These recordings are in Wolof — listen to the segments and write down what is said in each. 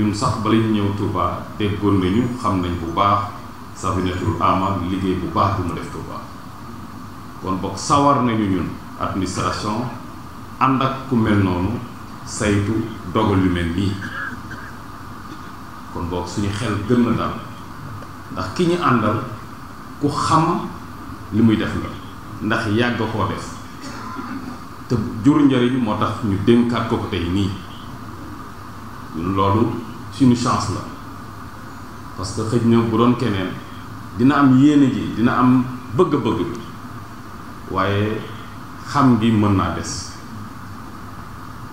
ñun sax bala ñu ñëw Touba déggoon nañu xam nañ bu baax Safinatul Aman liggéey bu baax bi mu def Touba kon bokk sawar nañu ñun administration ànd ak ku mel noonu saytu dogal yu mel nii kon bokk suñu xel gën na daal ndax ki ñu àndal ku xam li muy def la ndax yàgg koo def te juru njëriñ moo tax ñu dénkaat ko ko tey nii ñun loolu suñu chance la parce que xëj na bu doon keneen dina am yéene ji dina am bëgg-bëgg bi waaye xam gi mën naa des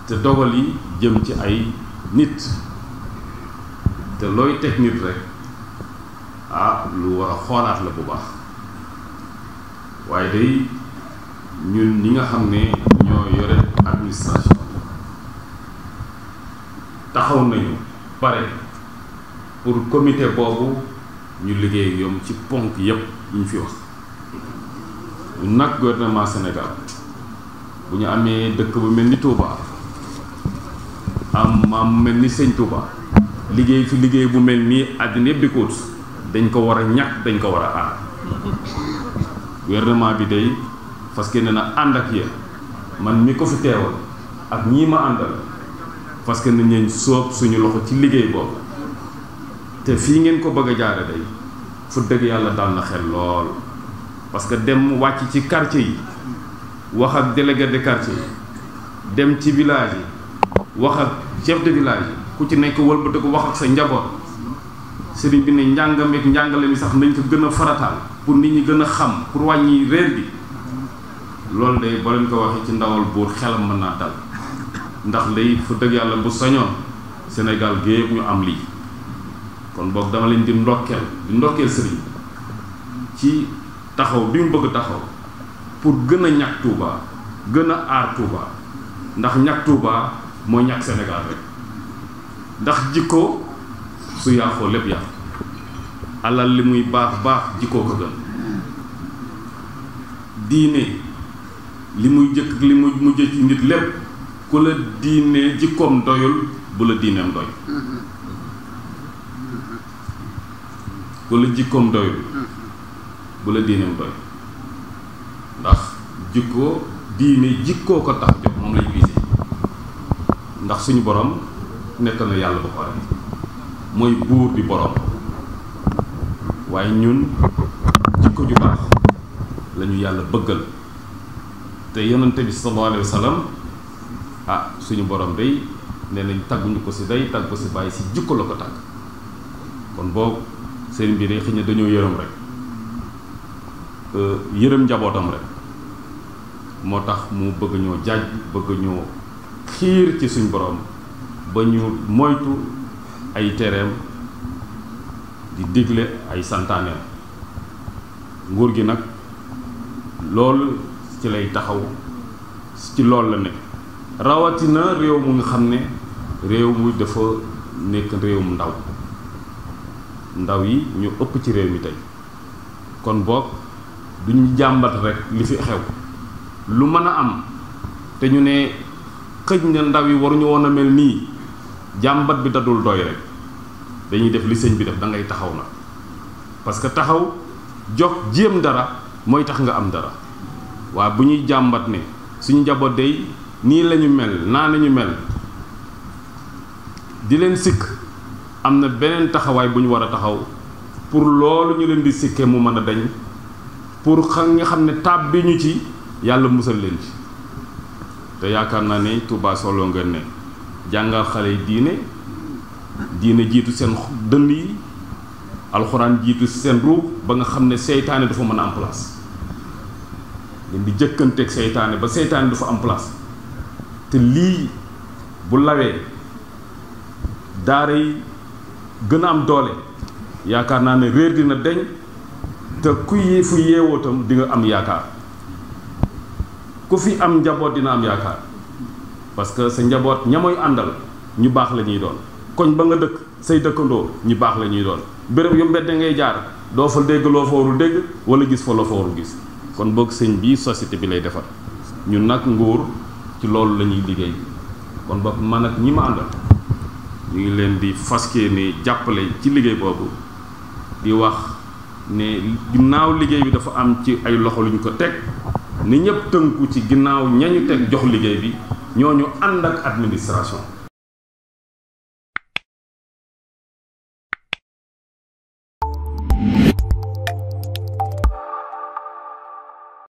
te dogal yi jëm ci ay nit te looy teg nit rek ah lu war a xoolaat la bu baax waaye day ñun ñi nga xam ne ñoo yore administration taxaw nañu pare pour comité boobu ñu liggéey yom ci ponk yépp ñu fi wax ñu nag gouvernement Sénégal bu ñu amee dëkk bu mel ni Touba am maam mel ni sëñ Touba liggéey fi liggéey bu mel nii àddina yëpp di ko dañ ko war a ñàkk dañ ko war a aar gouvernement bi day parce que nee na ànd ak yéen man mi ko fi teewal ak ñii ma àndal parce que nañ leen soob suñu loxo ci liggéey boobu te fii ngeen ko bëgg a jaare day fu dëgg yàlla dal na xel lool parce que dem wàcc ci quartier yi wax ak délégué de yi dem ci village yi wax ak chef de village yi ku ci nekk wëlbati ko wax ak sa njaboot sëriñ bi ne njàngam njàngale mi sax nañ ko gën a farataal pour nit ñi gën a xam pour wàññi réer bi loolu day ba leen ko waxee ci ndawal buur xelam mën naa dal ndax lay fa dëgg yàlla bu sañoon Sénégal gépp ñu am lii kon boog dama leen di ndokkeel di ndokkeel sëriñ ci taxaw bi mu bëgg taxaw pour gën a ñàkk Touba gën a aar Touba ndax ñàkk Touba mooy ñàkk Sénégal rek ndax jikkoo su yàqoo lépp yàqu alal li muy baax baax jikkoo ko gën diine li muy jëkk li muy mujj ci nit lépp ku la diine jikkoom doyul bu la diineem doy ku la jikkoom doyul bu la diineem doy ndax jikko diine jikkoo ko tax jox moom lañu visé ndax suñu boroom nekk na yàlla ba pare mooy buur di borom waaye ñun jikko ju baax lañu yàlla bëggal te yonante bi sallallahu alayhi ah suñu borom day ne nañ tàgguñu ko si day tàgg ko si bàyyi si jikko la ko tag kon boobu sëriñ bi day xëy na dañoo yërëm rek euh, yërëm njabootam rek moo tax mu bëgg ñoo jaaj bëgg ñoo xiir ci suñu boroom ba ñu moytu ay tereem di digle ay santaaneem nguur gi nag loolu ci lay taxaw ci loolu la nekk rawatina réew mu nga xam ne réew mu dafa nekk réewum ndaw ndaw yi ñu ëpp ci réew mi tey kon boog duñu jàmbat rek li fi xew lu mën a am te ñu ne xëj na ndaw yi waruñu woon a mel nii jàmbat bi dadul doy rek dañuy def li sëñ bi def da ngay taxaw na parce que taxaw jox jéem dara mooy tax nga am dara waa bu ñuy jàmbat ne suñu njaboot day nii lañu mel naa nañu mel di leen sikk am na beneen taxawaay bu ñu war a taxaw pour loolu ñu leen di sikkee mu mën a dañ pour xa nga xam ne taab bi ñu ci yàlla musal leen ci te yaakaar naa ne Touba solo nga ne jàngal xale yi diine diine jiitu seen dënn yi alxuraan jiitu seen ruub ba nga xam ne seytaane dafa mën a am place leen di jëkkanteeg seytaane ba seytaane dafa am place te lii bu lawee daara gën a am doole yaakaar naa ne réer dina deñ te ku yee fu yeewoo itam di nga am yaakaar ku fi am njaboot dina am yaakaar parce que sa njaboot ña mooy àndal ñu baax la ñuy doon koñ ba nga dëkk say dëkkandoo ñu baax la ñuy doon béréb yu mbedd ngay jaar doo fa dégg loo fa warul dégg wala gis fa loo fa warul gis kon boog sëñ bii société bi lay defar ñu nag nguur ci loolu lañuy liggéey kon ba man ak ñi ma àndal ñu ngi leen di faskee ni jàppale ci liggéey boobu di wax ne ginnaaw liggéey bi dafa am ci ay loxo luñ ko teg ni ñëpp tënku ci ginnaaw ñañu teg jox liggéey bi ñooñu ànd ak administration